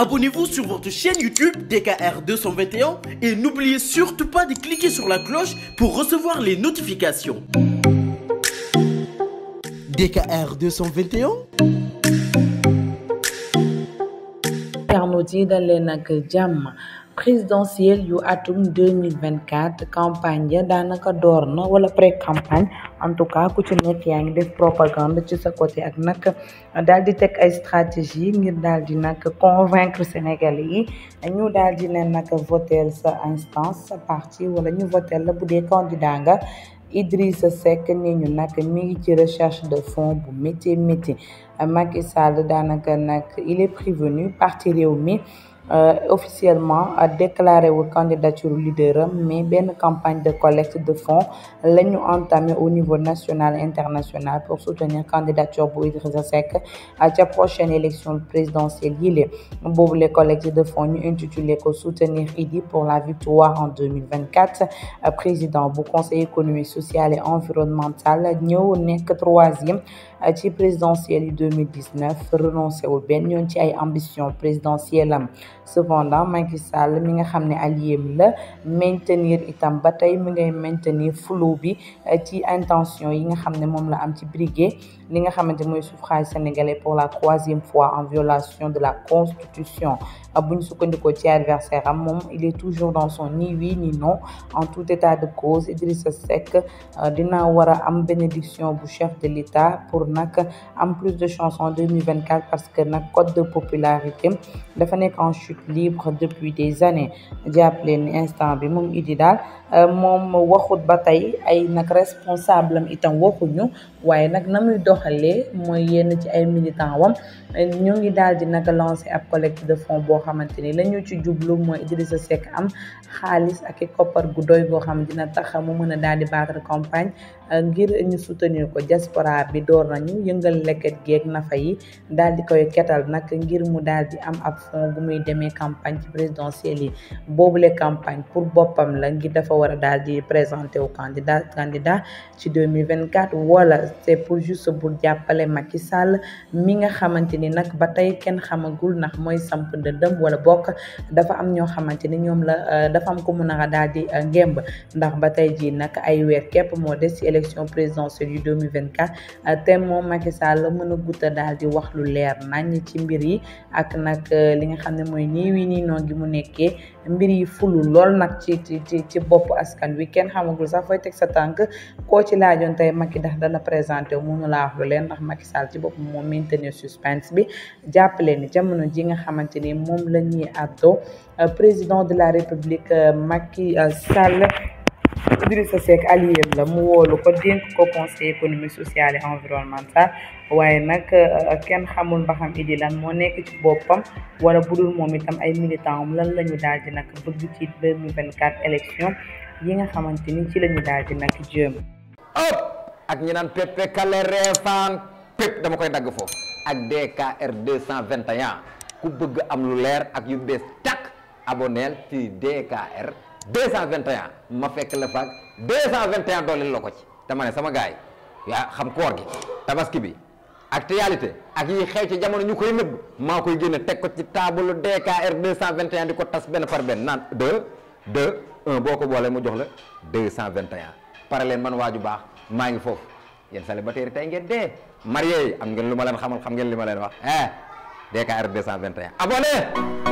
Abonnez-vous sur votre chaîne YouTube DKR 221 et n'oubliez surtout pas de cliquer sur la cloche pour recevoir les notifications. DKR 221. Internautes yi dal leen ak jàmm. présidentielle yu atum 2024 campagne daanaka door na wala pré campagne en tout cas ku ci nekk yaa ngi def propagande ci sa côté ak nag daal di teg ay stratégie ngir daal di nag convaincre Sénégalais yi ñu daal di ne nag voter sa instance sa parti wala ñu voter la bu dee candidat nga Idrissa Seck ni ñu nag mi ngi ci recherche de fonds bu métier métier Macky Sall daanaka nag il est prévenu parti réew mi Euh, officiellement déclaré wul candidature leader am mais benn campagne de collecte de fonds la ñu entamé au niveau national et international pour soutenir candidature bu Idrissa Seck ca prochaine élection présidentielle yile boobu les collecte de fonds ñu intitulé ko soutenir Idy pour la victoire en 2024 président bu conseil économique social et environnemental ne nekk troisième ci présidentielle yi 2019 renoncé wul benn yoon ci ay ambition présidentielle am cependant Macky Sall mi nga xam ne alliéem la maintenir itam ba tey mi ngay maintenir flou bi eh, ci intention yi nga xam ne moom la am ci briguer li nga xamante mooy suffrage sénégalais pour la troisième fois en violation de la constitution ah, bu ñu sukkandikoo ci adversaire am moom il est toujours dans son ni oui ni non en tout état de cause Idrissa Seck eh, dina war a am bénédiction bu nag am plus de chance en 2024 parce que nag cote de popularité dafa nekk en chute libre depuis des années jàpp leen ni instant bi moom Idy daal Euh, moom waxut ba tey ay nag responsable am itam waxuñu waaye nag na muy doxale mooy yenn ci ay militant wam ñu ngi daal di nag lancé ab collecte de fonds boo xamante ni la ñu ci jublu mooy sa Seck am xaalis ak i koppar gu doy boo xam dina tax mu mën a daal di battre campagne euh, ngir ñu soutenir ko diaspora bi door nañu yëngal lekket geeg nafa yi daal di koy ketal nag ngir mu daal di am ab fonds gu muy demee campagne ci présidentielle yi boobule campagne pour boppam dafa war a daal di présenter au candidat candidat ci 2024 wala c'est pour juste pour jàppale Macky Sall mi nga xamante ni nag ba tey kenn xamagul ndax mooy samp ndëndëm wala bokk dafa am ñoo xamante ni ñoom la euh, dafa am ko mu nar a daal di euh, ngemb ndax ba tey jii nag ay weer képp moo des ci élection présidentielle vingt 2024 euh, te moom Macky Sall mën a guta daal di wax lu leer nañ ci mbir yi ak nag li nga xam ne mooy nii wii nii noo gi mu nekk mbir yi fulu lool nag ci ci ci bopp askan wi kenn xamagul sax fooy teg sa tànk koo ci laajoon tey dax ndax dana présenté munu laa wax lu leen ndax Macky Sall ci bopp moom maintenir suspense bi jàppale ni jamono ji nga xamante ni moom la ñuy àddoo président de la république Macky Sall Idrissa Seck alliéem la mu woolu ko dénk ko conseil économique social et environnemental waaye nag euh, kenn xamul ba xam lan moo nekk ci boppam wala bu dul moom itam ay militant am lan la ñu daal di nag bëgg ci 2024 élection yi nga xamante ni ci la ñu daal di nag jëm. ëpp ak dama koy dagg foofu ak DKR 221 ku bëgg am lu leer ak yu bees tàkk aboneel ci DKR. deux cent vingt et ma fekk la faag deux cent vingt et un dooleel la ko ci te ma ne sama gaay yaa xam koor gi tabaski bi actualité ak yi xew ci jamono ñu koy nëbb maa koy génne teg ko ci de taabalu DKR 221 di ko tas benn par benn naan 2 2 boo ko boolee mu jox la 221 pare leen man waaju baax maa ngi foofu yéen célibataire tey ngeen dee marié yi am ngeen lu ma leen xamal xam ngeen li ma leen wax de eh DKR 221 abonné